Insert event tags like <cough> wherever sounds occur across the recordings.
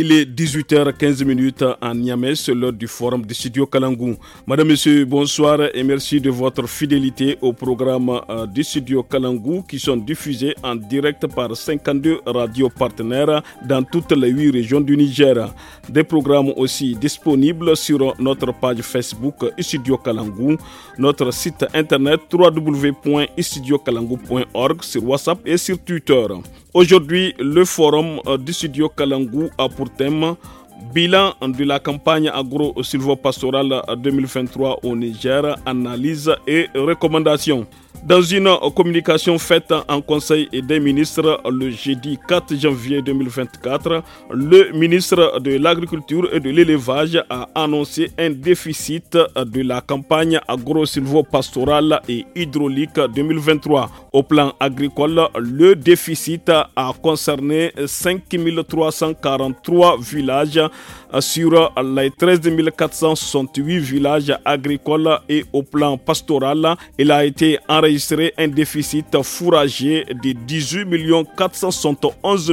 Il est 18h15 en Niamey, c'est l'heure du forum de studio Kalangou. Madame, Monsieur, bonsoir et merci de votre fidélité au programme euh, du studio Kalangou qui sont diffusés en direct par 52 radios partenaires dans toutes les 8 régions du Niger. Des programmes aussi disponibles sur notre page Facebook Studio Kalangou, notre site internet www.studiokalangou.org, sur WhatsApp et sur Twitter. Aujourd'hui, le forum euh, du studio Kalangou a pour thème Bilan de la campagne agro-silvopastorale euh, 2023 au Niger, analyse et recommandations. Dans une communication faite en Conseil des ministres le jeudi 4 janvier 2024, le ministre de l'Agriculture et de l'Élevage a annoncé un déficit de la campagne agro pastorale et hydraulique 2023. Au plan agricole, le déficit a concerné 5343 villages sur les 13 468 villages agricoles et au plan pastoral, il a été enregistré un déficit fourrager de 18 471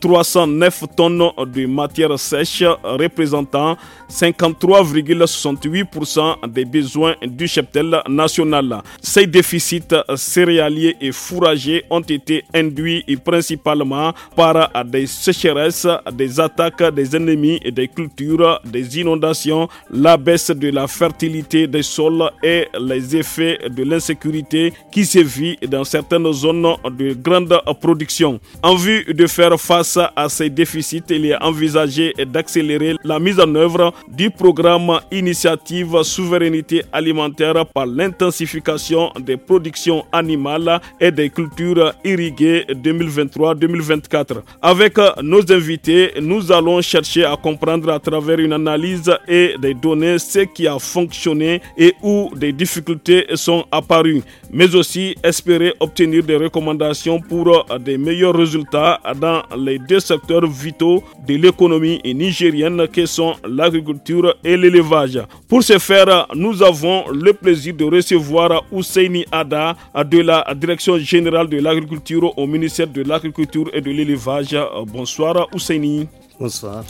309 tonnes de matière sèche, représentant 53,68% des besoins du cheptel national. Ces déficits céréaliers et fourragers ont été induits principalement par des sécheresses, des attaques des ennemis et des cultures, des inondations, la baisse de la fertilité des sols et les effets de l'insécurité qui se vit dans certaines zones de grande production. En vue de faire face à ces déficits, il est envisagé d'accélérer la mise en œuvre du programme Initiative Souveraineté alimentaire par l'intensification des productions animales et des cultures irriguées 2023-2024. Avec nos invités, nous allons chercher à comprendre à travers une analyse et des données ce qui a fonctionné et où des difficultés sont apparues, mais aussi espérer obtenir des recommandations pour euh, des meilleurs résultats dans les deux secteurs vitaux de l'économie nigérienne qui sont l'agriculture et l'élevage. Pour ce faire, nous avons le plaisir de recevoir Ousseini Ada de la Direction générale de l'agriculture au ministère de l'agriculture et de l'élevage. Euh, bonsoir Ousseini. Bonsoir.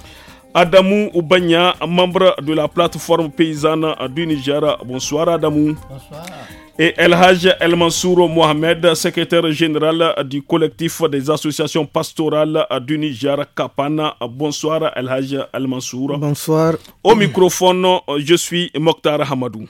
Adamu Ubanya, membre de la plateforme paysanne du Niger. Bonsoir Adamou. Bonsoir. Et El Haj El Mansour Mohamed, secrétaire général du collectif des associations pastorales du Niger, Kapana. Bonsoir El Haj El Mansour. Bonsoir. Au microphone, je suis Mokhtar Hamadou.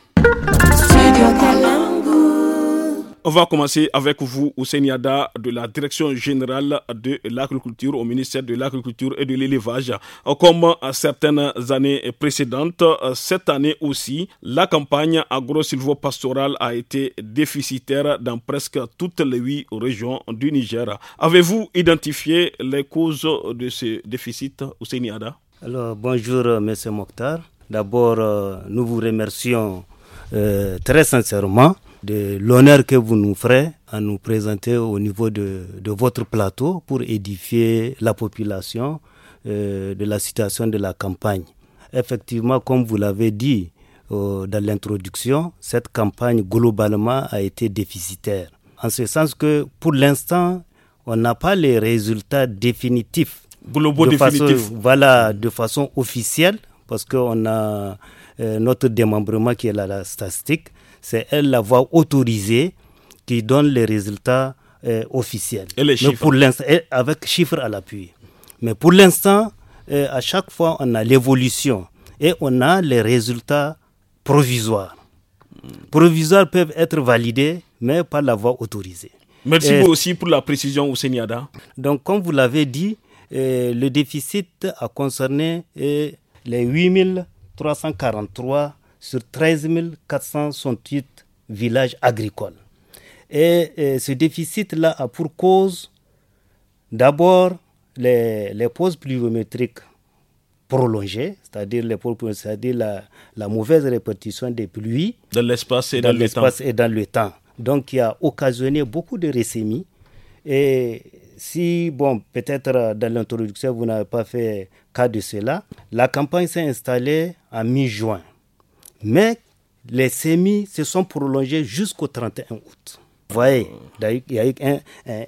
On va commencer avec vous, Hussein de la Direction générale de l'agriculture au ministère de l'Agriculture et de l'Élevage. Comme à certaines années précédentes, cette année aussi, la campagne agro-silvopastorale a été déficitaire dans presque toutes les huit régions du Niger. Avez-vous identifié les causes de ce déficit, Hussein Alors, bonjour, M. Mokhtar. D'abord, euh, nous vous remercions euh, très sincèrement de l'honneur que vous nous ferez à nous présenter au niveau de, votre plateau pour édifier la population euh, de la situation de la campagne. Effectivement, comme vous l'avez dit euh, dans l'introduction, cette campagne globalement a été déficitaire. En ce sens que pour l'instant, on n'a pas les résultats définitifs. Globaux définitifs. voilà, de façon officielle, parce qu'on a euh, notre démembrement qui est la, statistique, c'est elle la voie autorisée qui donne les résultats euh, officiels. pour avec chiffres à l'appui. Mais pour l'instant, euh, à chaque fois, on a l'évolution et on a les résultats provisoires. Provisoires peuvent être validés, mais pas la voie autorisée. Merci vous aussi pour la précision, Ousseniada. Donc, comme vous l'avez dit, le déficit a concerné les 8000 343 sur 13 468 villages agricoles. Et, ce déficit-là a pour cause d'abord les, pauses pluviométriques prolongées, c'est-à-dire la, la, mauvaise répartition des pluies. dans l'espace et dans, le temps. Donc, il a occasionné beaucoup de récémies. Et si, bon, peut-être euh, dans l'introduction, vous n'avez pas fait cas de cela, la campagne s'est installée à mi-juin. Mais les semis se sont prolongés jusqu'au 31 août. Vous voyez, il y a eu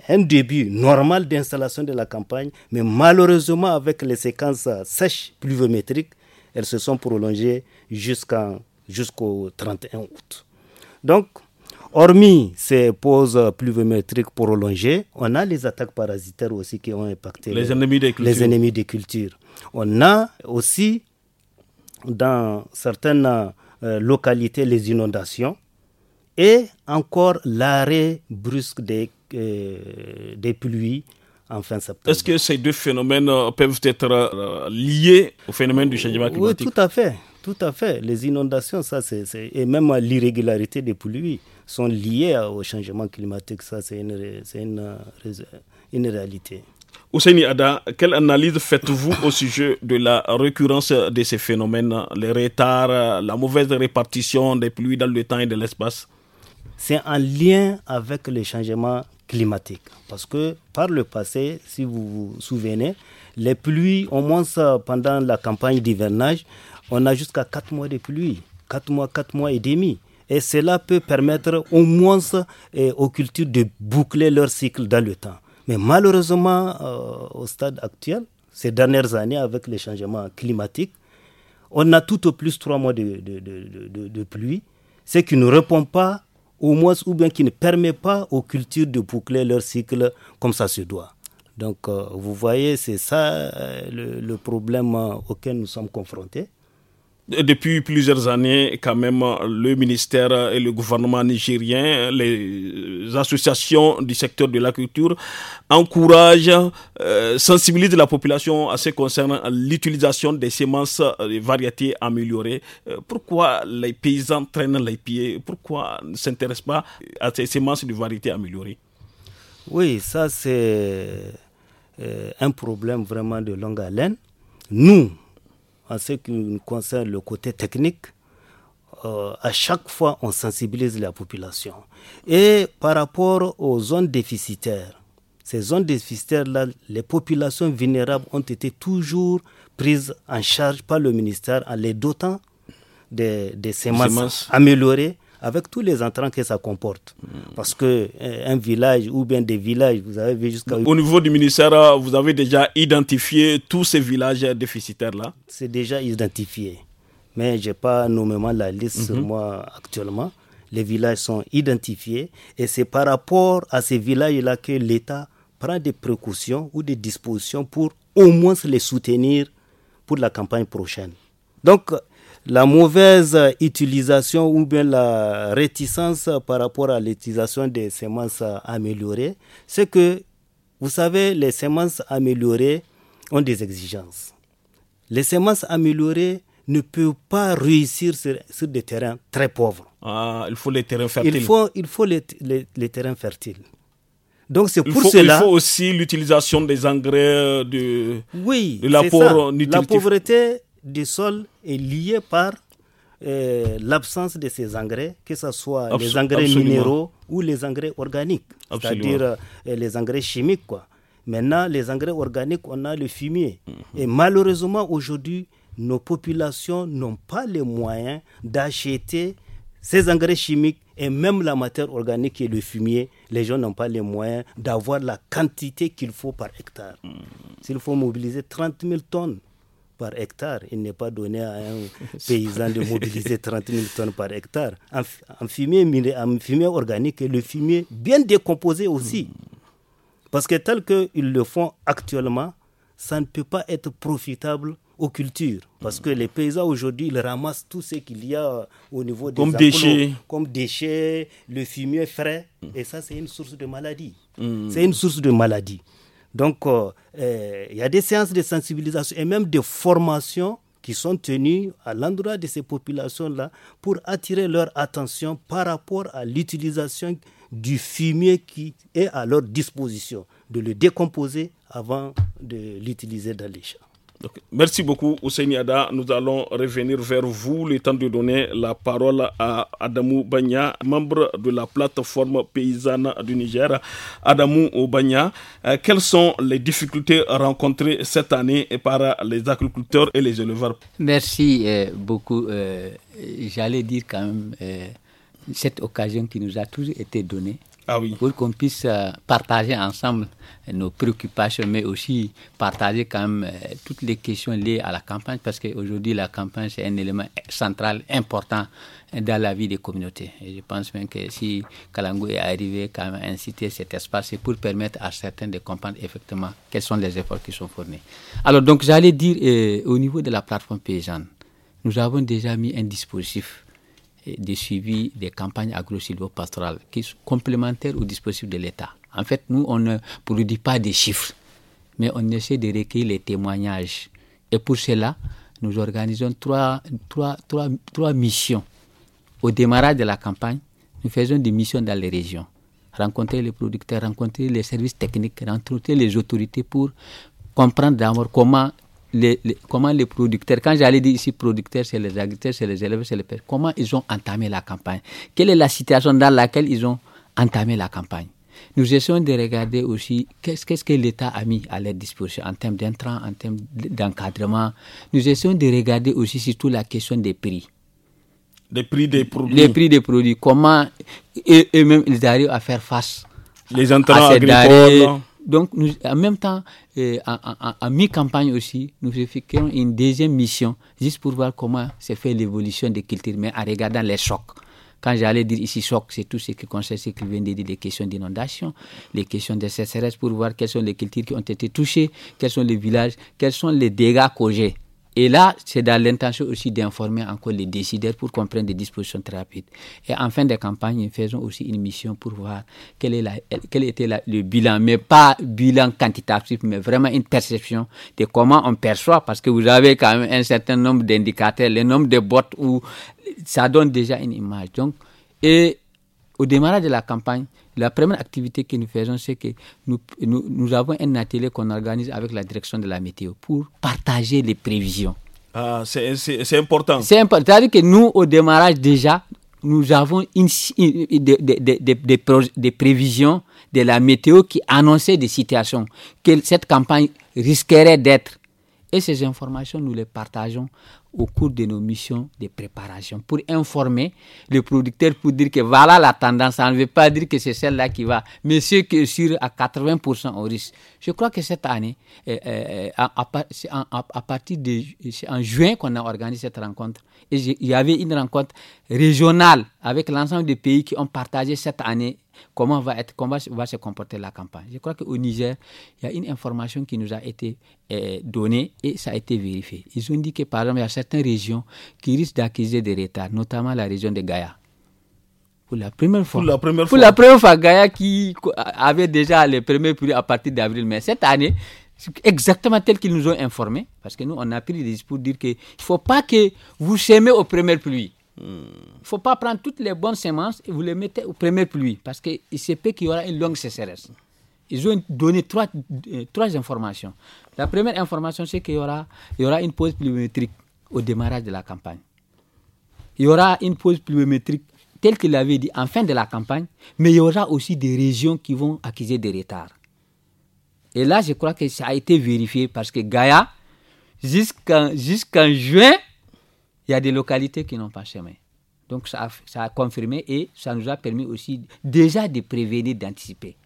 un, début normal d'installation de la campagne, mais malheureusement, avec les séquences sèches pluviométriques, elles se sont prolongées jusqu'au 31 août. Donc, Hormis ces pauses pluviométriques prolongées, on a les attaques parasitaires aussi qui ont impacté Les ennemis des cultures. On a aussi dans certaines euh, localités les inondations et encore l'arrêt brusque des, euh, des pluies en fin septembre. Est-ce que ces deux phénomènes euh, peuvent être liés au phénomène du changement climatique Oui, tout à fait. Tout à fait. Les inondations, ça, et même l'irrégularité des pluies sont liées au changement climatique. Ça, c'est une, une, une réalité. Ousseini Ada, quelle analyse faites-vous au sujet de la récurrence de ces phénomènes, les retards, la mauvaise répartition des pluies dans le temps et de l'espace C'est en lien avec le changement climatique. Parce que par le passé, si vous vous souvenez, les pluies, au moins pendant la campagne d'hivernage, on a jusqu'à 4 mois de pluie, 4 mois, 4 mois et demi. Et cela peut permettre au moins aux cultures de boucler leur cycle dans le temps. Mais malheureusement, euh, au stade actuel, ces dernières années, avec les changements climatiques, on a tout au plus trois mois de, pluie, ce qui ne répond pas au moins ou bien qui ne permet pas aux cultures de boucler leur cycle comme ça se doit. Donc, euh, vous voyez, c'est ça euh, le, problème auquel nous sommes confrontés. Euh, depuis plusieurs années, quand même, le ministère et le gouvernement nigérien, les associations du secteur de l'agriculture encouragent, euh, sensibilisent la population à ce qui concerne l'utilisation des semences euh, de variétés améliorées. Pourquoi les paysans traînent les pieds Pourquoi ne s'intéressent pas à ces semences de variétés améliorées Oui, ça c'est un problème vraiment de longue haleine. Nous, en ce qui concerne le côté technique, euh, à chaque fois, on sensibilise la population. Et par rapport aux zones déficitaires, ces zones déficitaires-là, les populations vulnérables ont été toujours prises en charge par le ministère en les dotant de, ces semences améliorées avec tous les entrants que ça comporte. Parce que euh, un village ou bien des villages, vous avez vu jusqu'à... Au niveau du ministère, vous avez déjà identifié tous ces villages déficitaires-là C'est déjà identifié. Mais je n'ai pas nommément la liste mhm. moi actuellement. Les villages sont identifiés et c'est par rapport à ces villages-là que l'État prend des précautions ou des dispositions pour au moins les soutenir pour la campagne prochaine. Donc, la mauvaise utilisation ou bien la réticence par rapport à l'utilisation des semences améliorées, c'est que, vous savez, les semences améliorées ont des exigences. Les semences améliorées ne peuvent pas réussir sur, des terrains très pauvres. Ah, il faut les terrains fertiles. Il faut, il faut les, les, terrains fertiles. Donc c'est pour cela. Il faut aussi l'utilisation des engrais, euh, de, oui, La pauvreté du sol est lié par euh, l'absence de ces engrais, que ce soit les engrais minéraux ou les engrais organiques, c'est-à-dire euh, les engrais chimiques. Quoi. Maintenant, les engrais organiques, on a le fumier. Mhm. Et malheureusement, aujourd'hui, nos populations n'ont pas les moyens d'acheter ces engrais chimiques et même la matière organique et le fumier, les gens n'ont pas les moyens d'avoir la quantité qu'il faut par hectare. Mhm. S'il faut mobiliser 30 000 tonnes par hectare. Il n'est pas donné à un <laughs> paysan de mobiliser 30 000 tonnes par hectare. En, fumier, en fumier organique, le fumier bien décomposé aussi. Hmm. Parce que tel qu'ils le font actuellement, ça ne peut pas être profitable aux cultures. Parce que hmm. les paysans aujourd'hui, ils ramassent tout ce qu'il y a euh, au niveau des comme déchets. comme déchets, le fumier frais. Hmm. Et ça, c'est une source de maladie. C'est une source de maladie. Donc, euh, euh, il y a des séances de sensibilisation et même des formations qui sont tenues à l'endroit de ces populations-là pour attirer leur attention par rapport à l'utilisation du fumier qui est à leur disposition, de le décomposer avant de l'utiliser dans les champs merci beaucoup, Ousseiniada. Nous allons revenir vers vous, le temps de donner la parole à Adamou Banya, membre de la plateforme paysanne du Niger. Adamou Banya, euh, quelles sont les difficultés rencontrées cette année par les agriculteurs et les éleveurs Merci euh, beaucoup. Euh, j'allais dire quand même cette occasion qui nous a toujours été donnée ah pour qu'on puisse euh, partager ensemble euh, nos préoccupations, mais aussi partager quand même euh, toutes les questions liées à la campagne, parce qu'aujourd'hui, la campagne, c'est un élément central, important dans la vie des communautés. Et je pense même que si Kalangou est arrivé quand même à inciter cet espace, c'est pour permettre à certains de comprendre effectivement quels sont les efforts qui sont fournis. Alors, donc, j'allais dire, au niveau de la plateforme paysanne, nous avons déjà mis un dispositif de suivi des campagnes agro-silvopastorales, qui sont complémentaires au dispositif de l'État. En fait, nous, on ne produit pas des chiffres, mais on essaie de recueillir les témoignages. Et pour cela, nous organisons trois, trois, trois, trois missions. Au démarrage de la campagne, nous faisons des missions dans les régions. Rencontrer les producteurs, rencontrer les services techniques, rencontrer les autorités pour comprendre d'abord comment comment les producteurs, quand j'allais dire ici producteurs, c'est les agriculteurs, c'est les éleveurs, c'est les pêcheurs, comment ils ont entamé la campagne Quelle est la situation dans laquelle ils ont entamé la campagne nous essayons de regarder aussi qu'est-ce, que l'État a mis à leur disposition en termes d'intrants, en termes d'encadrement. Nous essayons de regarder aussi surtout la question des prix. Les prix des produits. Les prix des produits. Comment eux-mêmes ils arrivent à faire face les à ces agricoles donc, en même temps, à euh, en, mi-campagne aussi, nous effectuons une deuxième mission, juste pour voir comment s'est fait l'évolution des cultures, mais en regardant les chocs. Quand j'allais dire ici choc, c'est tout ce qui concerne ce qui vient de dire, les questions d'inondation, les questions de sécheresse, pour voir quelles sont les cultures qui ont été touchées, quels sont les villages, quels sont les dégâts causés. Et là, c'est dans l'intention aussi d'informer encore les décideurs pour qu'on prenne des dispositions très rapides. Et en fin de campagne, nous faisons aussi une mission pour voir quel, est quel était le bilan, mais pas bilan quantitatif, mais vraiment une perception de comment on perçoit, parce que vous avez quand même un certain nombre d'indicateurs, le nombre de bottes où ça donne déjà une image. Donc, et au démarrage de la campagne, la première activité que nous faisons, c'est que nous, nous, avons un atelier qu'on organise avec la direction de la météo pour partager les prévisions. Ah, c'est important. C'est important. C'est-à-dire que nous, au démarrage déjà, nous avons des, des, des prévisions de la météo qui annonçaient des situations que cette campagne risquerait d'être. Et ces informations, nous les partageons au cours de nos missions de préparation pour informer le producteur pour dire que voilà la tendance. Ça ne veut pas dire que c'est celle-là qui va, mais c'est que sur à 80% au risque. Je crois que cette année, euh, euh, euh, c'est à, partir de en juin qu'on a organisé cette rencontre. Et il y avait une rencontre régionale avec l'ensemble des pays qui ont partagé cette année comment va, être, comment va se comporter la campagne. Je crois qu'au Niger, il y a une information qui nous a été eh, donnée et ça a été vérifié. Ils ont dit que, par exemple, il y a certaines régions qui risquent d'accuser des retards, notamment la région de Gaïa. Pour la première fois. Pour la première fois. La Gaïa qui avait déjà les premières pluies à partir d'avril. Mais cette année, exactement tel qu'ils nous ont informé. parce que nous, on a pris des dispositions pour dire qu'il ne faut pas que vous semez aux premières pluies. Il ne faut pas prendre toutes les bonnes semences et vous les mettez aux premières pluies, parce qu'il se peut qu'il y aura une longue sécheresse. Ils ont donné trois, euh, trois informations. La première information, c'est qu'il y aura, il y aura une pause pluviométrique au démarrage de la campagne. Il y aura une pause pluviométrique telle qu'il avait dit, en fin de la campagne, mais il y aura aussi des régions qui vont accuser des retards. Et là, je crois que ça a été vérifié parce que Gaïa, jusqu'en juin, il y a des localités qui n'ont pas chemin. Donc ça a, confirmé et ça nous a permis aussi déjà de prévenir, d'anticiper.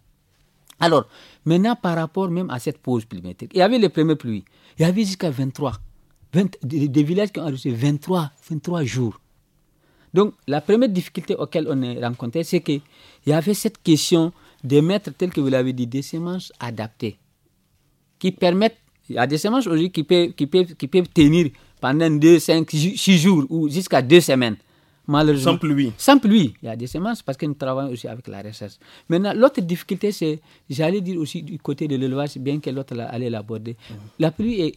Alors, maintenant par rapport même à cette pause climatique, il y avait les premières pluies, il y avait jusqu'à 23, des, villages qui ont reçu 23, 23 jours. Donc la première difficulté auquel on est rencontré, c'est qu'il y avait cette question de mettre, tel que vous l'avez dit, des semences adaptées, qui permettent, il y a des semences aujourd'hui qui peuvent tenir pendant 2, 5, 6 jours ou jusqu'à 2 semaines. Malheureusement. Sans pluie. Sans pluie. Il y a des semences parce que nous travaillons aussi avec la recherche. Maintenant, l'autre difficulté, c'est, j'allais dire aussi du côté de l'élevage, bien que l'autre allait l'aborder. La pluie,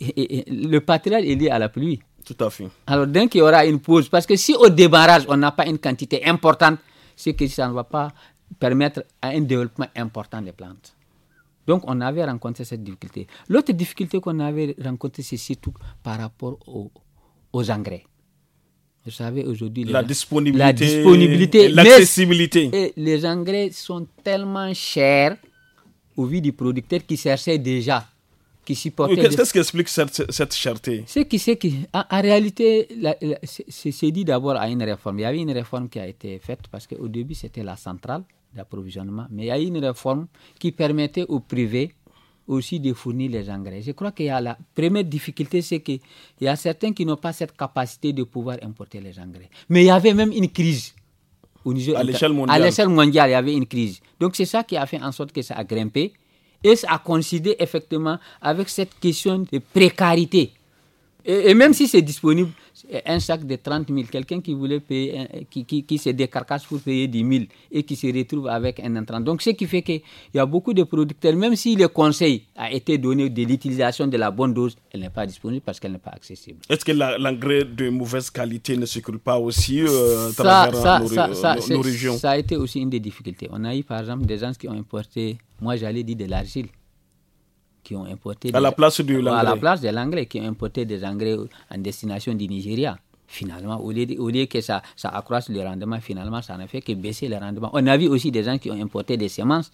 le pâturage est lié à la pluie. Tout à fait. Alors, dès qu'il y aura une pause, parce que si au débarrage, on n'a pas une quantité importante, c'est que ça ne va pas permettre un développement important des plantes. Donc on avait rencontré cette difficulté. L'autre difficulté qu'on avait rencontrée, c'est surtout par rapport aux, engrais. Vous savez, aujourd'hui, la, disponibilité, la disponibilité, l'accessibilité. Les, engrais sont tellement chers au vu du producteur qui cherchait déjà, qui supportait. Qu'est-ce qui explique cette, cette cherté qui, En, en réalité, c'est dit d'abord à une réforme. Il y avait une réforme qui a été faite parce qu'au début, c'était la centrale d'approvisionnement, mais il y a une réforme qui permettait aux privés aussi de fournir les engrais. Je crois qu'il y a la première difficulté, c'est qu'il y a certains qui n'ont pas cette capacité de pouvoir importer les engrais. Mais il y avait même une crise. Au à l'échelle mondiale. il y avait une crise. Donc c'est ça qui a fait en sorte que ça a grimpé. Et ça a considéré effectivement avec cette question de précarité et, même si c'est disponible, un sac de 30 000, quelqu'un qui voulait payer, qui, qui, qui, se décarcasse pour payer 10 000 et qui se retrouve avec un entrant. Donc, ce qui fait qu'il y a beaucoup de producteurs, même si le conseil a été donné de l'utilisation de la bonne dose, elle n'est pas disponible parce qu'elle n'est pas accessible. Est-ce que l'engrais de mauvaise qualité ne circule pas aussi dans euh, euh, ça, nos euh, régions Ça a été aussi une des difficultés. On a eu, par exemple, des gens qui ont importé, moi j'allais dire de l'argile qui ont importé. Des, la place de qui ont des engrais en destination du Nigeria. Finalement, au lieu, que ça, ça accroisse le rendement, finalement, ça n'a fait que baisser le rendement. On a vu aussi des gens qui ont importé des semences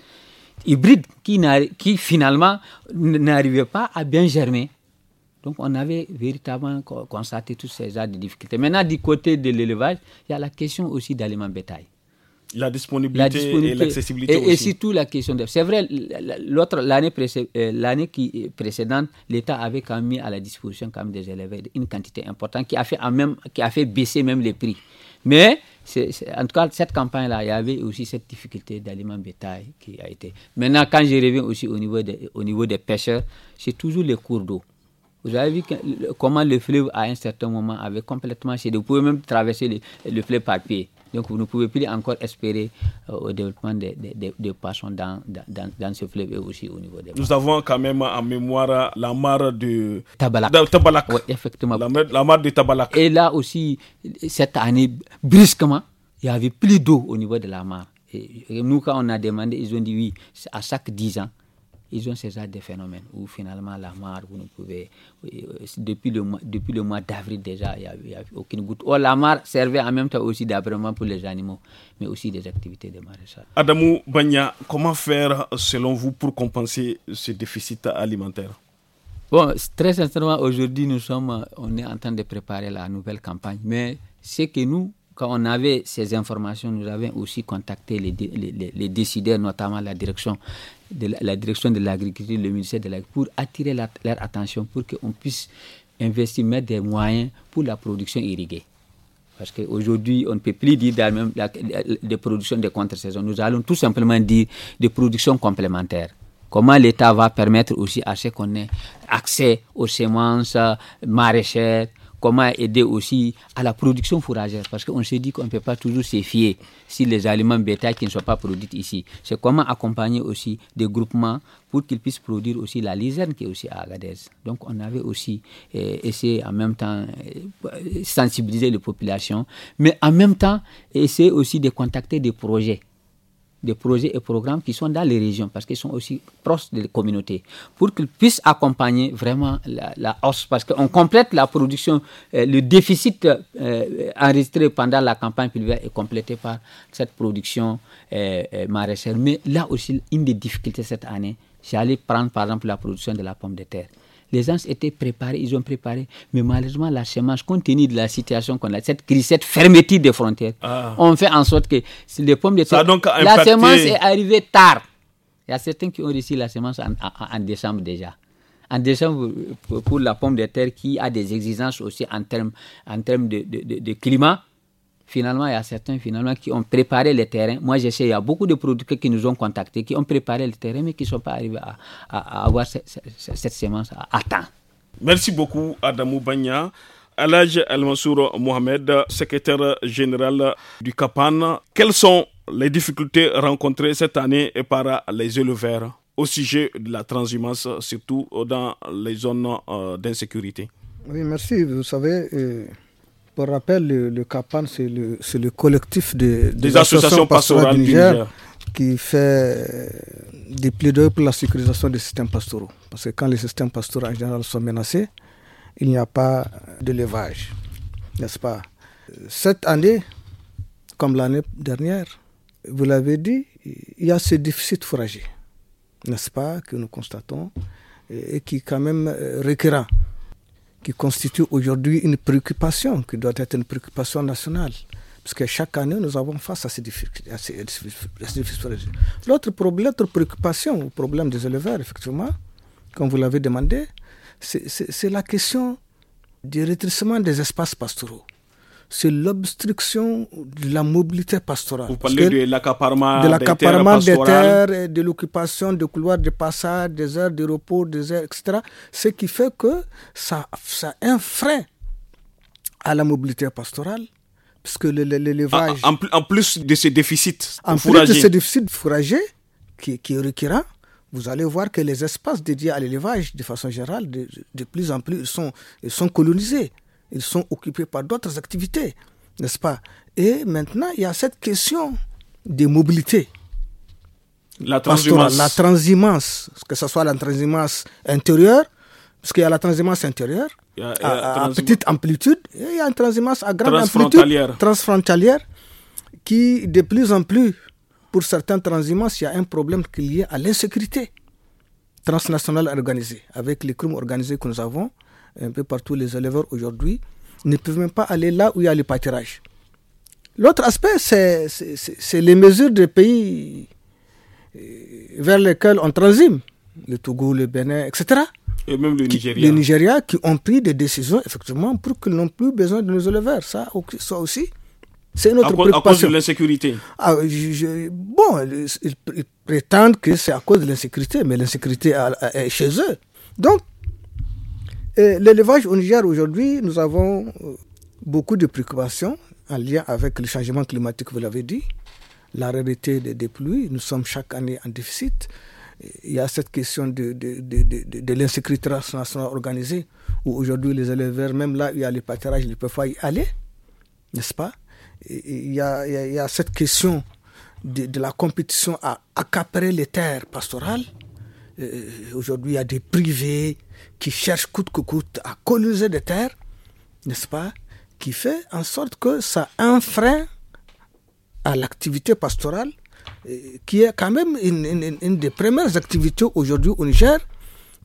hybrides qui, qui finalement n'arrivaient pas à bien germer. Donc on avait véritablement constaté toutes ces difficultés. Maintenant, du côté de l'élevage, il y a la question aussi d'aliments bétail. La disponibilité, et l'accessibilité et, et, surtout la question de... C'est vrai, l'autre, l'année, euh, l'année qui euh, précédente, l'État avait quand même mis à la disposition quand des élèves une quantité importante qui a fait, même, qui a fait baisser même les prix. Mais, en tout cas, cette campagne-là, il y avait aussi cette difficulté d'aliments bétail qui a été. Maintenant, quand je reviens aussi au niveau, au niveau des pêcheurs, c'est toujours les cours d'eau. Vous avez vu comment le fleuve, à un certain moment, avait complètement cédé. Vous pouvez même traverser le, le fleuve par pied. Donc vous ne pouvez plus encore espérer euh, au développement des, des, dans, ce fleuve et aussi au niveau des. Nous avons quand même en mémoire la mare de Tabalak. Oui, effectivement. La, mare de Tabalak. Et là aussi, cette année, brusquement, il y avait plus d'eau au niveau de la mare. Et nous, quand on a demandé, ils ont dit oui, à chaque 10 ans, ils ont ces des phénomènes où finalement la mare, vous ne pouvez. Euh, depuis le, depuis le mois d'avril déjà, il n'y a, a, aucune goutte. Oh, la mare servait en même temps aussi d'abrément pour les animaux, mais aussi des activités de maraîchage. Adamou Banya, comment faire selon vous pour compenser ce déficit alimentaire Bon, très sincèrement, aujourd'hui, nous sommes, on est en train de préparer la nouvelle campagne. Mais c'est que nous, quand on avait ces informations, nous avons aussi contacté les décideurs, notamment la direction de la, direction de l'agriculture, le ministère de l'agriculture, pour attirer leur attention, pour qu'on puisse investir, mettre des moyens pour la production irriguée. Parce qu'aujourd'hui, on ne peut plus dire même de production de contre-saison. Nous allons tout simplement dire de production complémentaire comment l'État va permettre aussi à ce qu'on ait accès aux semences euh, maraîchères, comment aider aussi à la production fourragère, parce qu'on se dit qu'on ne peut pas toujours se fier si les aliments bétail qui ne sont pas produits ici. C'est comment accompagner aussi des groupements pour qu'ils puissent produire aussi la liserne qui est aussi à Agadez. Donc on avait aussi eh, essayé en même temps eh, sensibiliser les populations, mais en même temps essayer aussi de contacter des projets des projets et programmes qui sont dans les régions parce qu'ils sont aussi proches des communautés pour qu'ils puissent accompagner vraiment la, hausse parce qu'on complète la production, euh, le déficit euh, enregistré pendant la campagne est complété par cette production euh, maraîchère. Mais là aussi, une des difficultés cette année, c'est aller prendre par exemple la production de la pomme de terre. Les gens étaient préparés, ils ont préparé. Mais malheureusement, la semence, compte tenu de la situation qu'on a, cette crise, cette fermeture des frontières, ah. on fait en sorte que les pommes de terre. la semence est arrivée tard. Il y a certains qui ont réussi la semence en, décembre déjà en décembre pour la pomme de terre qui a des exigences aussi en termes, en termes de, de, de climat. Finalement, il y a certains finalement qui ont préparé les terrains. Moi, sais il y a beaucoup de producteurs qui nous ont contactés, qui ont préparé le terrain, mais qui ne sont pas arrivés à, avoir cette, cette, semence à, temps. Merci beaucoup, Adamou Bagna. Alaj Al-Mansour Mohamed, secrétaire général du CAPAN, quelles sont les difficultés rencontrées cette année par les éleveurs au sujet de la transhumance, surtout dans les zones euh, d'insécurité Oui, merci. Vous savez, euh, pour rappel, le, CAPAN, c'est le, collectif des associations pastorales du Niger, qui fait euh, des plaidoyers pour la sécurisation des systèmes pastoraux. Parce que quand les systèmes pastoraux en général sont menacés, il n'y a pas de d'élevage, n'est-ce pas Cette année, comme l'année dernière, vous l'avez dit, il y a ce déficit fragile, n'est-ce pas, que nous constatons, et qui est quand même euh, récurrent qui constitue aujourd'hui une préoccupation, qui doit être une préoccupation nationale. Parce que chaque année, nous avons face à ces difficultés. L'autre problème, préoccupation, le problème des éleveurs, effectivement, comme vous l'avez demandé, c'est la question du rétrécissement des espaces pastoraux c'est l'obstruction de la mobilité pastorale. Vous parlez de l'accaparement de des, terres, de l'occupation de couloirs de passage, des heures de repos, des heures, etc. Ce qui fait que ça, ça un frein à la mobilité pastorale, puisque l'élevage... En, plus de ces déficits En plus de ces déficits fourragers qui, qui requérant, vous allez voir que les espaces dédiés à l'élevage, de façon générale, de, plus en plus, sont, sont colonisés ils sont occupés par d'autres activités, n'est-ce pas Et maintenant, il y a cette question des mobilités. La transhumance. la transhumance, que ce soit la transhumance intérieure, parce qu'il y a la transhumance intérieure, à, petite amplitude, et il y a une transhumance à grande transfrontalière. amplitude, transfrontalière, qui de plus en plus, pour certains transhumances, il y a un problème qui est lié à l'insécurité transnationale organisée, avec les crimes organisés que nous avons, un peu partout les éleveurs aujourd'hui ne peuvent même pas aller là où il y a le pâturage. L'autre aspect, c'est les mesures des pays euh, vers lesquels on transime, le Togo, le Bénin, etc. Et même le Nigeria. Qui, les Nigeria qui ont pris des décisions, effectivement, pour qu'ils n'ont plus besoin de nos éleveurs. Ça, ça aussi, c'est notre autre À cause de l'insécurité. Ah, bon, ils, prétendent que c'est à cause de l'insécurité, mais l'insécurité est chez eux. Donc, L'élevage au Niger aujourd'hui, nous avons euh, beaucoup de préoccupations en lien avec le changement climatique, vous l'avez dit, la réalité des, pluies. Nous sommes chaque année en déficit. Il y a cette question de, de, de, l'insécurité nationale organisée, où aujourd'hui les éleveurs, même là, il y a les pâturages, ils ne peuvent pas y aller, n'est-ce pas il y, a, cette question de, de la compétition à accaparer les terres pastorales euh, aujourd'hui il y a des privés qui cherchent coûte que coûte à coloniser des terres, n'est-ce pas Qui fait en sorte que ça enfreint à l'activité pastorale, euh, qui est quand même une, des premières activités aujourd'hui au Niger,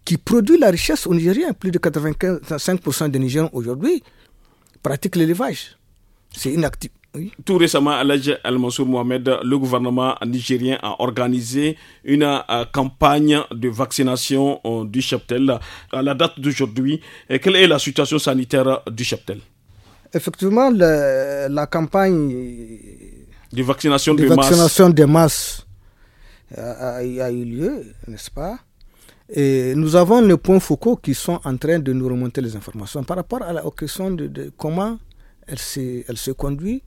qui produit la richesse au Nigérien. Plus de 95% des Nigériens aujourd'hui pratiquent l'élevage. C'est une, activité. Tout récemment, Alaj Al-Mansour Mohamed, le gouvernement nigérien a organisé une euh, campagne de vaccination euh, du cheptel. À la date d'aujourd'hui, euh, quelle est la situation sanitaire du cheptel Effectivement, la campagne de vaccination de, de vaccination masse, a, eu lieu, n'est-ce pas et nous avons les points focaux qui sont en train de nous remonter les informations par rapport à la question de, comment elle elle se conduit,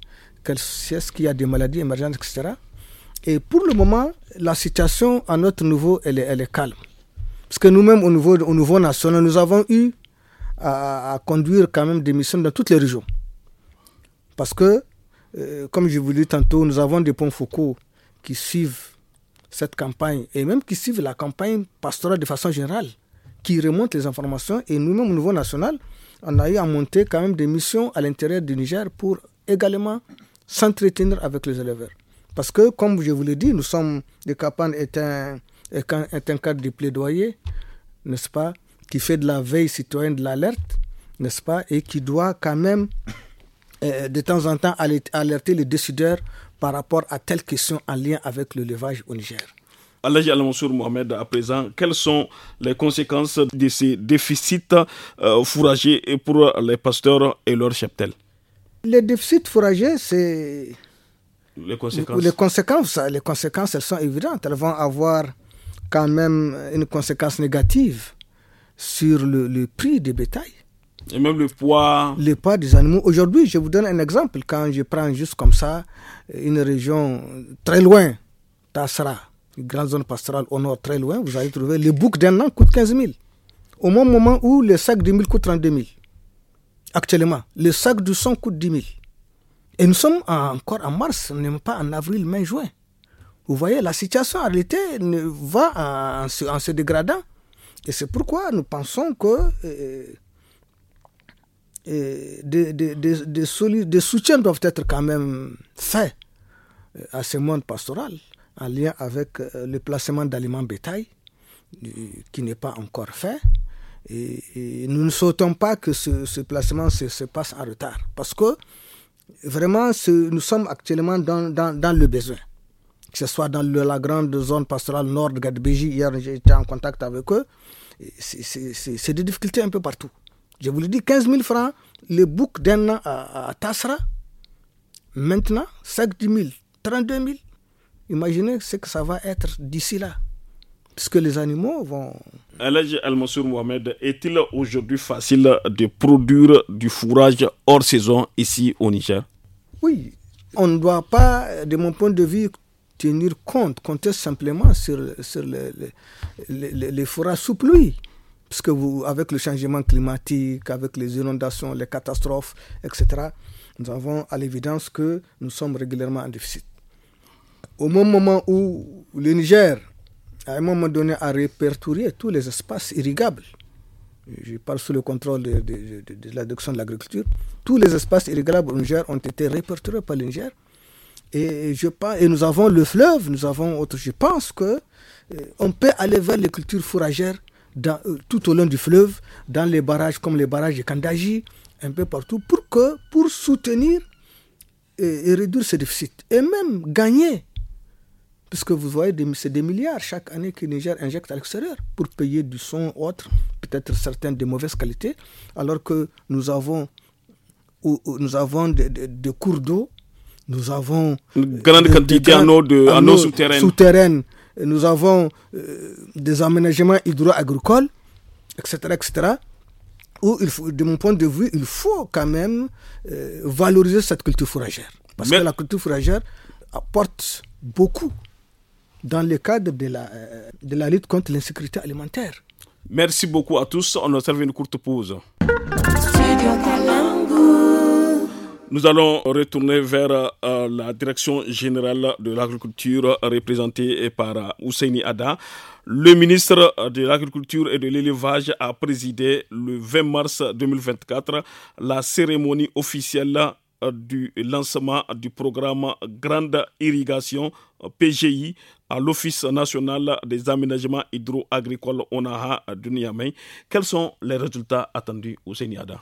ce qu'il y a des maladies émergentes, etc. Et pour le moment, la situation à notre niveau, elle est, calme. Parce que nous-mêmes, au niveau, national, nous avons eu à, conduire quand même des missions dans toutes les régions. Parce que, euh, comme je vous l'ai dit tantôt, nous avons des ponts focaux qui suivent cette campagne et même qui suivent la campagne pastorale de façon générale, qui remontent les informations. Et nous-mêmes, au niveau national, on a eu à monter quand même des missions à l'intérieur du Niger pour également s'entretenir avec les éleveurs. Parce que, comme je vous l'ai dit, nous sommes, le CAPAN est un, est un cadre de plaidoyer, n'est-ce pas, qui fait de la veille citoyenne, de l'alerte, n'est-ce pas, et qui doit quand même, euh, de temps en temps, alerter les décideurs par rapport à telle question en lien avec l'élevage au Niger. allez Al-Mansour Mohamed, à présent, quelles sont les conséquences de ces déficits euh, fourragés pour les pasteurs et leurs cheptels les déficits fourragers, c'est. Les conséquences. Hein, les conséquences. elles sont évidentes. Elles vont avoir quand même une conséquence négative sur le, prix des bétails. Et même le poids. Le poids des animaux. Aujourd'hui, je vous donne un exemple. Quand je prends juste comme ça une région très loin, Tassara, une grande zone pastorale au nord, très loin, vous allez trouver les boucs d'un an coûtent 15 000. Au même moment où le sac de 1000 coûte 32 000 actuellement, le sac du sang coûte 10 000. Et nous sommes encore en mars, même pas en avril, mai, juin. Vous voyez, la situation en réalité va en se, dégradant. Et c'est pourquoi nous pensons que euh, euh, des, des, soutiens doivent être quand même faits euh, à ce monde pastoral en lien avec le placement d'aliments bétail qui n'est pas encore fait. Et, nous ne sautons pas que ce, placement se, passe en retard. Parce que vraiment, nous sommes actuellement dans, le besoin. Que ce soit dans la grande zone pastorale nord de Gadbeji, hier j'étais en contact avec eux, c'est des difficultés un peu partout. Je vous le dis, 15 000 francs, le bouc d'un an à, à Tassra, maintenant, 5 000, 32 000. Imaginez ce que ça va être d'ici là que les animaux vont... Alaj al Mohamed, est-il aujourd'hui facile de produire du fourrage hors saison ici au Niger Oui, on ne doit pas, de mon point de vue, tenir compte, compter simplement sur, sur les, les, fourrages sous pluie. Parce que vous, avec le changement climatique, avec les inondations, les catastrophes, etc., nous avons à l'évidence que nous sommes régulièrement en déficit. Au moment où le Niger à un moment donné à répertorier tous les espaces irrigables. Je parle sous le contrôle de, de, de, l'agriculture. Tous les espaces irrigables au Niger ont été répertoriés par le Niger. Et, je et nous avons le fleuve, nous avons autre. Je pense que euh, on peut aller vers les cultures fourragères dans, euh, tout au long du fleuve, dans les barrages comme les barrages de Kandaji, un peu partout, pour que pour soutenir et, euh, et réduire ce déficit et même gagner Puisque vous voyez, c'est des milliards chaque année que Niger injecte à l'extérieur pour payer du son autre, peut-être certains de mauvaise qualité, alors que nous avons, nous avons des cours d'eau, nous avons... Une grande euh, quantité en souterraine. Nous avons euh, des aménagements hydro-agricoles, etc., où, il faut, de mon point de vue, il faut quand même euh, valoriser cette culture fourragère. Parce que la culture fourragère apporte beaucoup dans le cadre de la, euh, de la lutte contre l'insécurité alimentaire. Merci beaucoup à tous. On observe une courte pause. Nous allons retourner vers euh, la direction générale de l'agriculture représentée par Ousseini Ada. Le ministre de l'Agriculture et de l'Élevage a présidé le 20 mars 2024 la cérémonie officielle du lancement du programme Grande Irrigation PGI à l'Office national des aménagements hydro-agricoles ONAHA du Niamey. Quels sont les résultats attendus au Séniada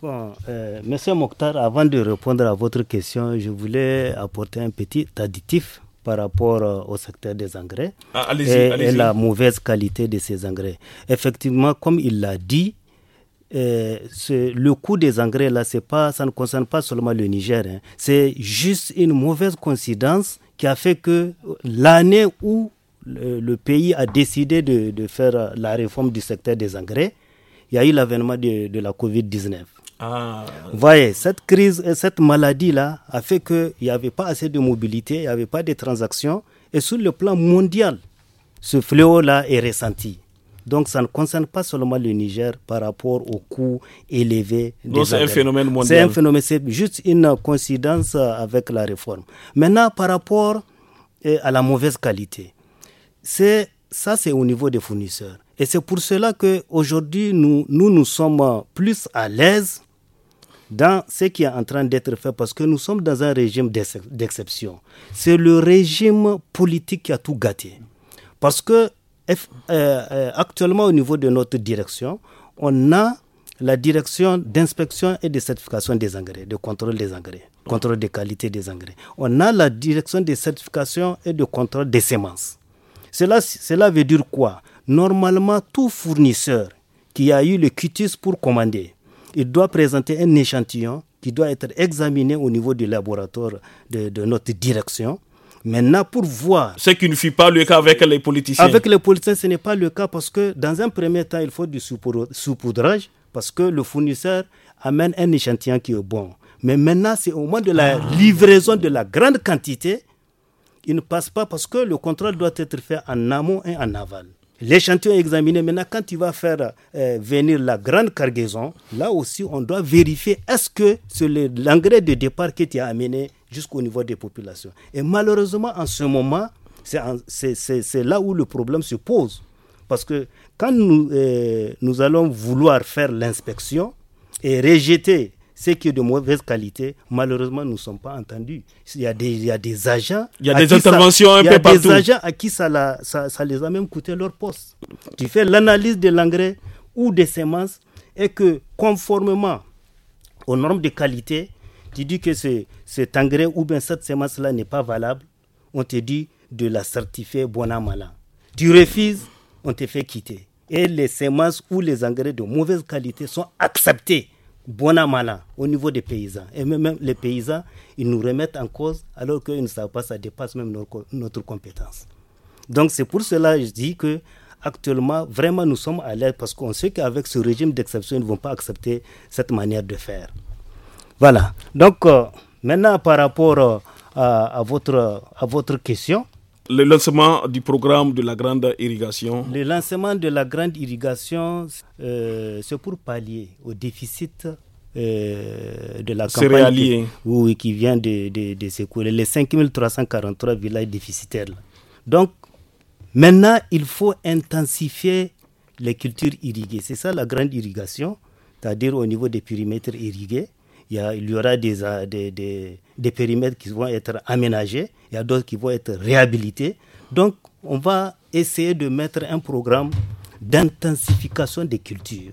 Bon, euh, Monsieur Mokhtar, avant de répondre à votre question, je voulais apporter un petit additif par rapport euh, au secteur des engrais ah, et, la mauvaise qualité de ces engrais. Effectivement, comme il l'a dit, euh, le coût des engrais, là, pas, ça ne concerne pas seulement le Niger. Hein. C'est juste une mauvaise coïncidence qui a fait que l'année où le, pays a décidé de, faire la réforme du secteur des engrais, il y a eu l'avènement de, la COVID-19. Ah. Vous voyez, cette crise, euh, cette maladie-là a fait qu'il n'y avait pas assez de mobilité, il n'y avait pas de transactions. Et sur le plan mondial, ce fléau-là est ressenti. Donc ça ne concerne pas seulement le Niger par rapport au coût élevé. Donc c'est un phénomène mondial. C'est juste une coïncidence euh, avec la réforme. Maintenant, par rapport euh, à la mauvaise qualité, c'est ça c'est au niveau des fournisseurs. Et c'est pour cela qu'aujourd'hui, nous, nous nous sommes plus à l'aise dans ce qui est en train d'être fait parce que nous sommes dans un régime d'exception. C'est le régime politique qui a tout gâté. Parce que euh, euh, actuellement, au niveau de notre direction, on a la direction d'inspection et de certification des engrais, de contrôle des engrais, contrôle des qualités des engrais. On a la direction de certification et de contrôle des semences. Cela, cela veut dire quoi Normalement, tout fournisseur qui a eu le cutis pour commander, il doit présenter un échantillon qui doit être examiné au niveau du laboratoire de notre direction Maintenant, pour voir. Ce qui ne fut pas le cas avec les politiciens. Avec les politiciens, ce n'est pas le cas parce que dans un premier temps, il faut du saupoudrage parce que le fournisseur amène un échantillon qui est bon. Mais maintenant, c'est au moment de la ah. livraison de la grande quantité, il ne passe pas parce que le contrôle doit être fait en amont et en aval. L'échantillon est examiné. Maintenant, quand tu vas faire euh, venir la grande cargaison, là aussi, on doit vérifier est-ce que c'est l'engrais de départ que tu as amené jusqu'au niveau des populations. Et malheureusement, en ce moment, c'est là où le problème se pose. Parce que quand nous, euh, nous allons vouloir faire l'inspection et rejeter ce qui est de mauvaise qualité, malheureusement, nous ne sommes pas entendus. Il y a des, il y des agents. Il y a des interventions un peu partout. Il y a des agents à qui ça, ça, ça les a même coûté leur poste. Tu fais l'analyse de l'engrais ou des semences et que, conformément aux normes de qualité, tu dis que cet engrais ou bien cette semence-là n'est pas valable, on te dit de la certifier bon à Tu refuses, on te fait quitter. Et les semences ou les engrais de mauvaise qualité sont acceptés bon à au niveau des paysans. Et même, les paysans, ils nous remettent en cause alors qu'ils ne savent pas, ça dépasse même notre, compétence. Donc c'est pour cela que je dis que actuellement, vraiment, nous sommes à l'aise parce qu'on sait qu'avec ce régime d'exception, ils ne vont pas accepter cette manière de faire. Voilà. Donc, euh, maintenant, par rapport euh, à, votre, à votre question. Le lancement du programme de la grande irrigation. Le lancement de la grande irrigation, euh, c'est pour pallier au déficit de la campagne qui, oui, qui vient de, de, de s'écouler, les 5343 villages déficitaires. Donc, maintenant, il faut intensifier les cultures irriguées. C'est ça la grande irrigation, c'est-à-dire au niveau des périmètres irrigués il y, aura euh, des, des, périmètres qui vont être aménagés, il y a d'autres qui vont être réhabilités. Donc, on va essayer de mettre un programme d'intensification des cultures.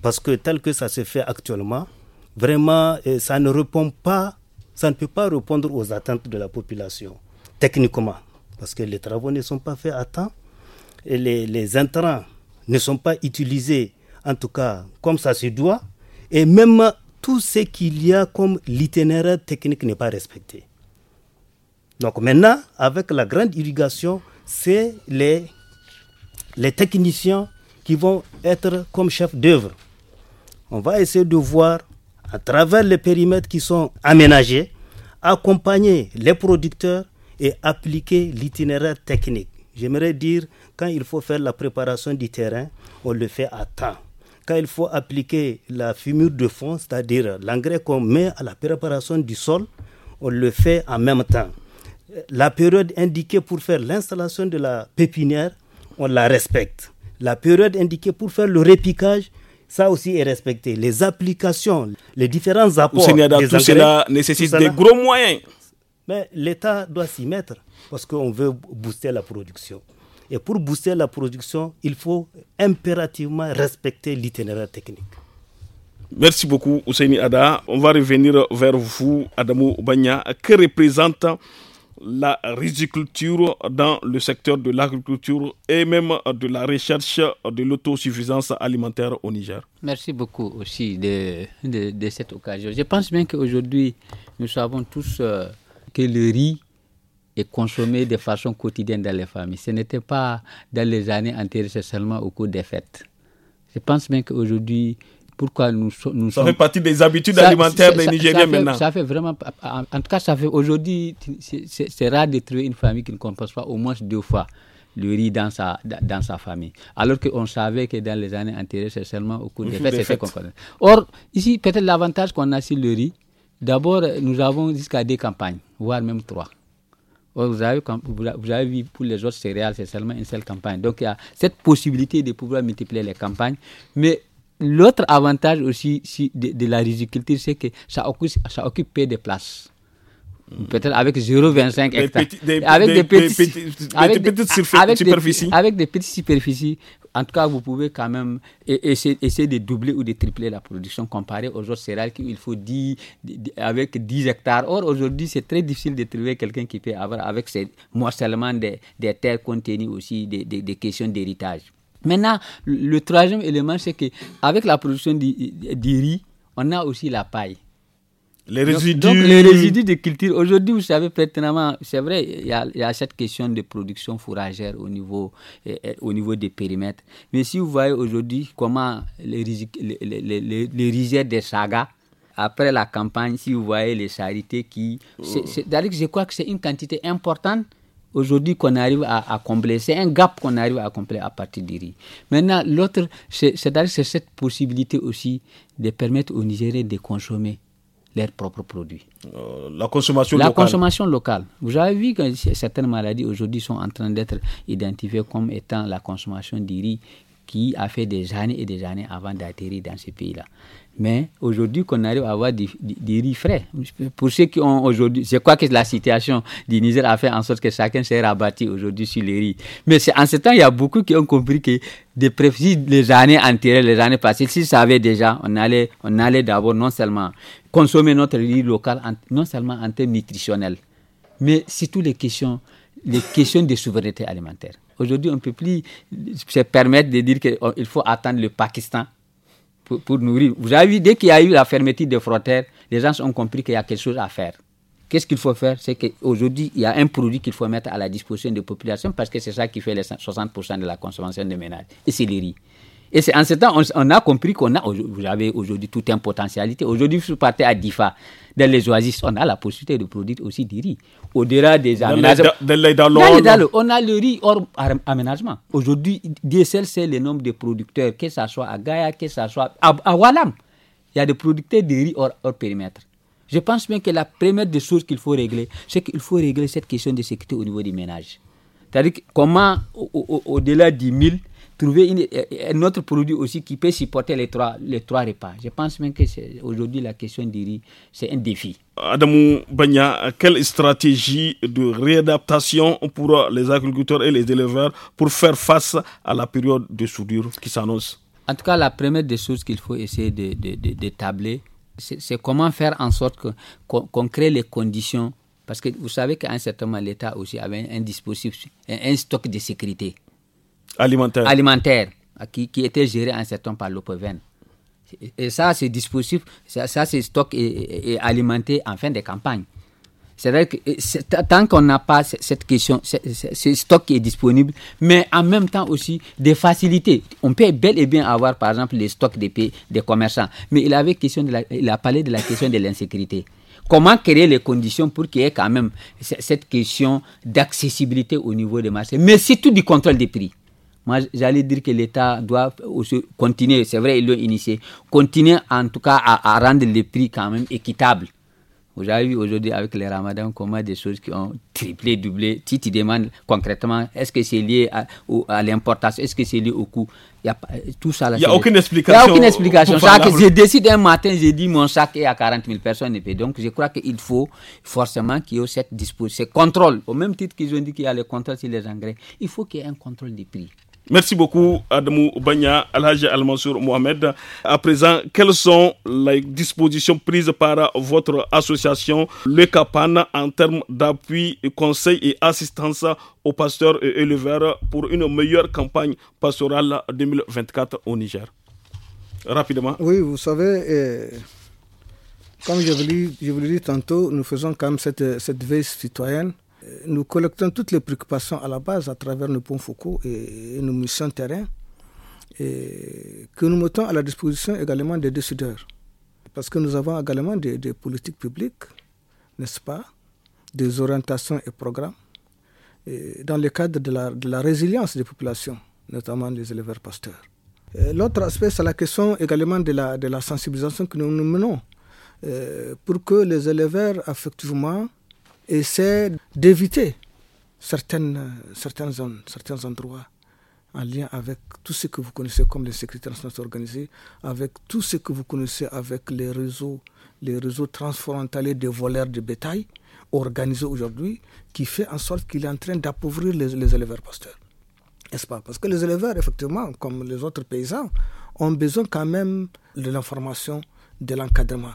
Parce que tel que ça se fait actuellement, vraiment, euh, ça ne répond pas, ça ne peut pas répondre aux attentes de la population, techniquement. Parce que les travaux ne sont pas faits à temps, et les, les intrants ne sont pas utilisés, en tout cas, comme ça se doit. Et même tout ce qu'il y a comme l'itinéraire technique n'est pas respecté. Donc maintenant, avec la grande irrigation, c'est les, les techniciens qui vont être comme chefs d'œuvre. On va essayer de voir à travers les périmètres qui sont aménagés, accompagner les producteurs et appliquer l'itinéraire technique. J'aimerais dire, quand il faut faire la préparation du terrain, on le fait à temps quand il faut appliquer la fumure de fond, c'est-à-dire l'engrais qu'on met à la préparation du sol, on le fait en même temps. La période indiquée pour faire l'installation de la pépinière, on la respecte. La période indiquée pour faire le répiquage, ça aussi est respecté. Les applications, les différents apports. Des tout cela nécessite des gros moyens. Mais l'État doit s'y mettre parce qu'on veut booster la production. Et pour booster la production, il faut impérativement respecter l'itinéraire technique. Merci beaucoup, Ousseini Ada. On va revenir vers vous, Adamo Bagna. Que représente la riziculture dans le secteur de l'agriculture et même de la recherche de l'autosuffisance alimentaire au Niger. Merci beaucoup aussi de, cette occasion. Je pense bien qu'aujourd'hui, nous savons tous euh, que le riz et consommer de façon quotidienne dans les familles. Ce n'était pas dans les années antérieures, seulement au cours des fêtes. Je pense même qu'aujourd'hui, pourquoi nous, nous ça sommes... fait partie des habitudes alimentaires des Nigériens maintenant. Ça fait vraiment... En, tout cas, ça fait... Aujourd'hui, c'est rare de trouver une famille qui ne compense pas au moins deux fois le riz dans sa, dans sa famille. Alors qu'on savait que dans les années antérieures, c'est seulement au cours des fêtes, fêtes. Or, ici, peut-être l'avantage qu'on a sur le riz, d'abord, nous avons jusqu'à deux campagnes, voire même trois vous, avez, vous avez vu pour les autres céréales, c'est seulement une seule campagne. Donc, il y a cette possibilité de pouvoir multiplier les campagnes. Mais l'autre avantage aussi de, de, la riziculture, c'est que ça occupe, ça occupe peu de place peut-être avec 0,25 hectares. avec des, petites superficies. avec des petites superficies. En tout cas, vous pouvez quand même e, essayer, essayer de doubler ou de tripler la production comparé aux autres céréales qu'il faut 10, avec 10 hectares. Or, aujourd'hui, c'est très difficile de trouver quelqu'un qui peut avoir avec ce morcellement des, des terres contenues aussi des, des, des questions d'héritage. Maintenant, le troisième élément, c'est qu'avec la production du riz, on a aussi la paille. Les résidus. Donc, les résidus de culture. Aujourd'hui, vous savez pertinemment, c'est vrai, il y, a, cette question de production fourragère au niveau, au niveau des périmètres. Mais si vous voyez aujourd'hui comment les, les, les, les des sagas, après la campagne, si vous voyez les charités qui. Oh. D'ailleurs, je crois que c'est une quantité importante aujourd'hui qu'on arrive à, à combler. C'est un gap qu'on arrive à combler à partir du riz. Maintenant, l'autre, c'est cette possibilité aussi de permettre aux Nigériens de consommer leurs propres produits. Euh, la consommation locale. consommation locale. Vous avez vu que certaines maladies aujourd'hui sont en train d'être identifiées comme étant la consommation du qui a fait des années et des années avant d'atterrir dans ces pays-là. Mais aujourd'hui, qu'on arrive à avoir des riz frais. Pour ceux qui ont aujourd'hui, c'est quoi que la situation du Niger a fait en sorte que chacun s'est rabattu aujourd'hui sur les riz. Mais en ce temps, il y a beaucoup qui ont compris que de les années entières, les années passées, s'ils savaient déjà, on allait, on allait d'abord non seulement consommer notre riz local, non seulement en termes nutritionnels, mais surtout les questions, les questions de souveraineté alimentaire. Aujourd'hui, on ne peut plus se permettre de dire qu'il oh, faut attendre le Pakistan pour, nourrir. Vous avez vu, dès qu'il y a eu la fermeture des frontières, les gens ont compris qu'il y a quelque chose à faire. Qu'est-ce qu'il faut faire C'est qu'aujourd'hui, il y a un produit qu'il faut mettre à la disposition des populations parce que c'est ça qui fait les 60% de la consommation des ménages. Et c'est les riz. Et c'est en ce temps, on, a compris qu'on a, vous avez aujourd'hui toute une potentialité. Aujourd'hui, vous partez à Difa, dans les oasis, on a la possibilité de produire aussi du riz. Au-delà des aménagements. Dans on a le riz hors aménagement. Aujourd'hui, DSL, c'est le nombre de producteurs, que ce soit à Gaïa, que ce soit à, Walam. Il y a des producteurs de riz hors, périmètre. Je pense bien que la première des choses qu'il faut régler, c'est qu'il faut régler cette question de sécurité au niveau des ménages. C'est-à-dire comment, au-delà des 1000, trouver un autre produit aussi qui peut supporter les trois, les trois repas. Je pense même que aujourd'hui la question du riz, c'est un défi. Adamou Banya, quelle stratégie de réadaptation pour les agriculteurs et les éleveurs pour faire face à la période de soudure qui s'annonce En tout cas, la première des choses qu'il faut essayer de, de, de, tabler, c'est comment faire en sorte qu'on crée les conditions. Parce que vous savez qu'à un certain moment, l'État aussi avait un, dispositif, un stock de sécurité alimentaire, alimentaire qui, qui était géré en septembre par l'OPEVEN. Et ça, c'est dispositif, ça, ça c'est stock et, alimenté en fin de campagne. C'est vrai que tant qu'on n'a pas cette question, ce stock qui est disponible, mais en même temps aussi des facilités. On peut bel et bien avoir, par exemple, les stocks des, des commerçants, mais il, avait question de la, il a parlé de la question de l'insécurité. Comment créer les conditions pour qu'il y ait quand même cette question d'accessibilité au niveau des marchés, mais surtout du contrôle des prix. Moi, j'allais dire que l'État doit continuer, c'est vrai, il l'ont initié, continuer en tout cas à, rendre les prix quand même équitables. Vous avez vu aujourd'hui avec les ramadans comment des choses qui ont triplé, doublé. Si tu demandes concrètement, est-ce que c'est lié à, à l'importation, est-ce que c'est lié au coût Tout ça là. Il n'y a aucune explication. Il n'y a aucune explication. je décide un matin, j'ai dit mon sac est à 40 000 personnes. Et donc je crois qu'il faut forcément qu'il y ait cette disposition, ce contrôle. Au même titre qu'ils ont dit qu'il y a le contrôle sur les engrais, il faut qu'il y ait un contrôle des prix. Merci beaucoup, Adamou Banya, Alhaji Al-Mansour Mohamed. À présent, quelles sont les dispositions prises par votre association, le CAPAN, en termes d'appui, conseil et assistance aux pasteurs et éleveurs pour une meilleure campagne pastorale 2024 au Niger Rapidement. Oui, vous savez. comme je vous l'ai dit tantôt, nous faisons quand même cette, cette veille citoyenne nous collectons toutes les préoccupations à la base à travers nos ponts focaux et, nos missions terrain et que nous mettons à la disposition également des décideurs. Parce que nous avons également des, politiques publiques, n'est-ce pas, des orientations et programmes dans le cadre de la, résilience des populations, notamment des éleveurs pasteurs. L'autre aspect, c'est la question également de la, sensibilisation que nous, nous menons euh, pour que les éleveurs, effectivement, et c'est d'éviter certaines, zones, certains endroits en lien avec tout ce que vous connaissez comme les sécurités nationales organisés, avec tout ce que vous connaissez avec les réseaux, les réseaux transfrontaliers de voleurs de bétail organisés aujourd'hui, qui fait en sorte qu'il est en train d'appauvrir les, les éleveurs pasteurs. N'est-ce pas Parce que les éleveurs, effectivement, comme les autres paysans, ont besoin quand même de l'information, de l'encadrement,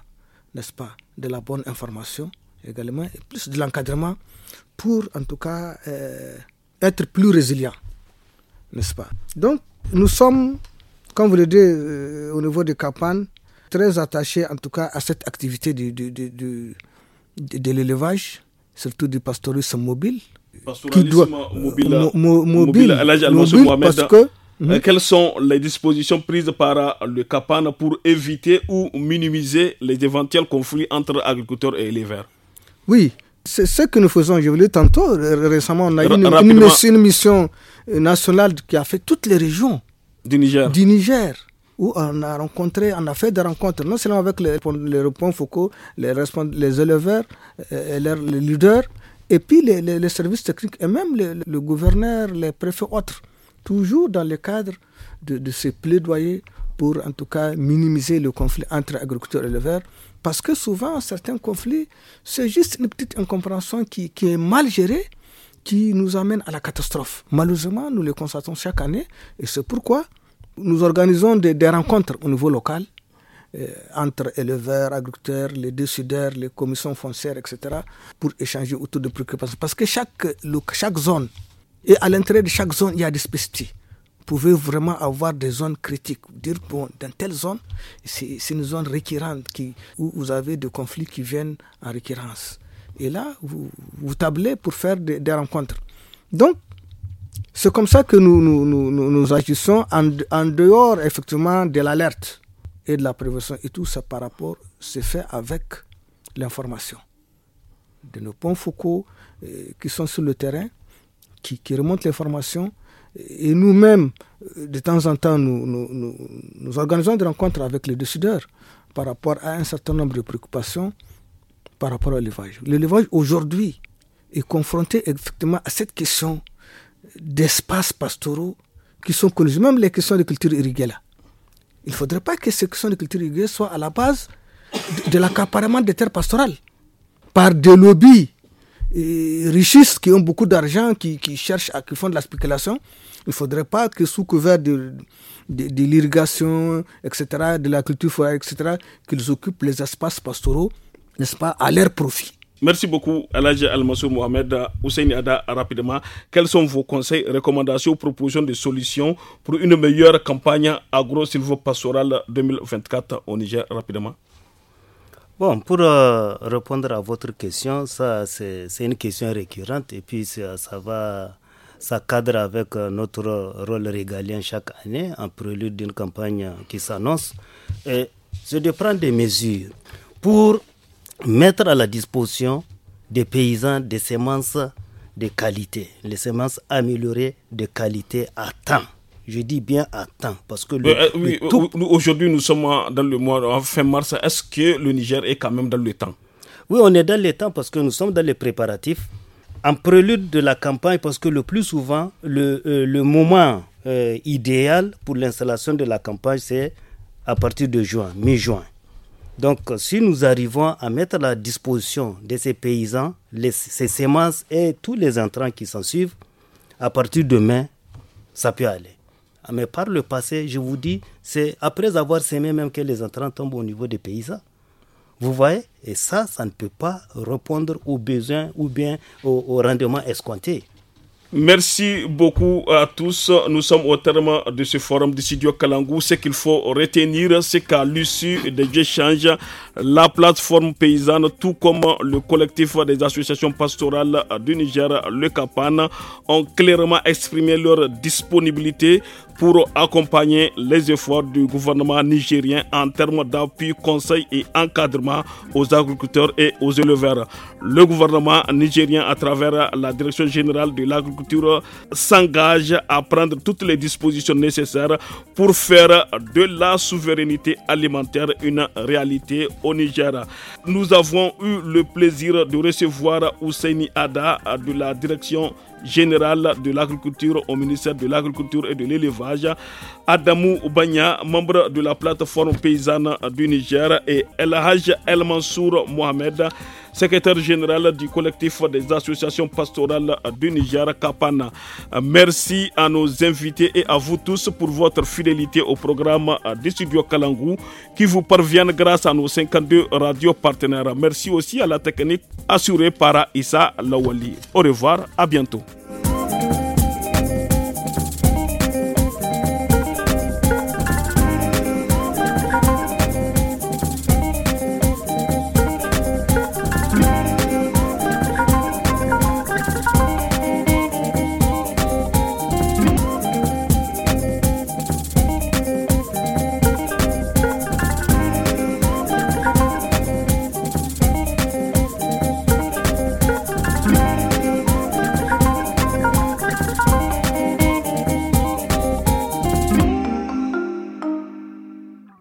n'est-ce pas De la bonne information, également, plus de l'encadrement pour en tout cas euh, être plus résilient, n'est-ce pas Donc nous sommes, comme vous le dites, euh, au niveau de Capan, très attachés en tout cas à cette activité de, de, de, l'élevage, surtout du pastoralisme mobile. mobile, Quelles sont les dispositions prises par euh, le CAPAN pour éviter ou minimiser les éventuels conflits entre agriculteurs et éleveurs oui, c'est ce que nous faisons. Je voulais tantôt, récemment, on a eu une, mission euh, nationale qui a fait toutes les régions du Niger. où on a rencontré, on a fait des rencontres, non seulement avec les, les focaux, Foucault, les, les éleveurs, euh, les, leaders, et puis les, services techniques et même le gouverneur, les préfets, autres, toujours dans le cadre de, de ces plaidoyers pour en tout cas minimiser le conflit entre agriculteurs et éleveurs. Parce que souvent, certains conflits, c'est juste une petite incompréhension qui, est mal gérée, qui nous amène à la catastrophe. Malheureusement, nous le constatons chaque année, et c'est pourquoi nous organisons des, rencontres au niveau local euh, entre éleveurs, agriculteurs, les décideurs, les commissions foncières, etc., pour échanger autour de préoccupations. Parce que chaque, chaque zone, et à l'intérieur de chaque zone, il y a des spécificités pouvez vraiment avoir des zones critiques. Dire, bon, dans telle zone, c'est une zone récurrente qui, où vous avez des conflits qui viennent en récurrence. Et là, vous, vous tablez pour faire des, rencontres. Donc, c'est comme ça que nous, nous, nous, agissons en, en, dehors, effectivement, de l'alerte et de la prévention. Et tout ça par rapport, c'est fait avec l'information de nos ponts focaux euh, qui sont sur le terrain, qui, qui remontent l'information et nous-mêmes, de temps en temps, nous, organisons des rencontres avec les décideurs par rapport à un certain nombre de préoccupations par rapport à l'élevage. L'élevage aujourd'hui est confronté effectivement à cette question d'espaces pastoraux qui sont connus, même les questions de culture irriguée là. Il ne faudrait pas que ces questions de culture irriguée soient à la base de, de l'accaparement des terres pastorales par des lobbies richistes qui ont beaucoup d'argent, qui, cherchent à, qui font de la spéculation, il ne faudrait pas que sous couvert de, de, l'irrigation, etc., de la culture etc., qu'ils occupent les espaces pastoraux, n'est-ce pas, à leur profit. Merci beaucoup, alage Almasou Mohamed Hussein Ada. Rapidement, quels sont vos conseils, recommandations, propositions de solutions pour une meilleure campagne agro pastorale 2024 au Niger Rapidement. Bon, pour euh, répondre à votre question, ça c'est une question récurrente et puis ça, va ça cadre avec euh, notre rôle régalien chaque année en prélude d'une campagne qui s'annonce. C'est de prendre des mesures pour mettre à la disposition des paysans des semences de qualité, les semences améliorées de qualité à temps je dis bien à temps, parce que euh, euh, euh, aujourd'hui nous sommes dans le mois en fin mars. Est-ce que le Niger est quand même dans le temps Oui, on est dans le temps parce que nous sommes dans les préparatifs en prélude de la campagne, parce que le plus souvent le, moment idéal pour l'installation de la campagne c'est à partir de juin, mi-juin. Donc, si nous arrivons à mettre à la disposition de ces paysans les, ces semences et tous les entrants qui s'en suivent, à partir de mai, ça peut aller. Ah, mais par le passé, je vous dis, c'est après avoir semé même que les entrants tombent au niveau des paysans. Vous voyez Et ça, ça ne peut pas répondre aux besoins ou bien au, rendement escompté. Merci beaucoup à tous. Nous sommes au terme de ce forum du Studio Kalangou. Ce qu'il faut retenir, c'est qu'à l'issue des échanges, la plateforme paysanne, tout comme le collectif des associations pastorales du Niger, le CAPAN, ont clairement exprimé leur disponibilité pour accompagner les efforts du gouvernement nigérien en termes d'appui, conseil et encadrement aux agriculteurs et aux éleveurs. Le gouvernement nigérien, à travers la Direction générale de l'agriculture, s'engage à prendre toutes les dispositions nécessaires pour faire de la souveraineté alimentaire une réalité au Niger. Nous avons eu le plaisir de recevoir Ousseini Ada de la Direction général de l'agriculture au ministère de l'Agriculture et de l'Élevage, Adamou Banya, membre de la plateforme paysanne du Niger, et El Haj El Mansour Mohamed, secrétaire général du collectif des associations pastorales du Niger, Kapana. Merci à nos invités et à vous tous pour votre fidélité au programme des studios Kalangou qui vous parviennent grâce à nos 52 radios partenaires. Merci aussi à la technique assurée par Issa Lawali. Au revoir, à bientôt.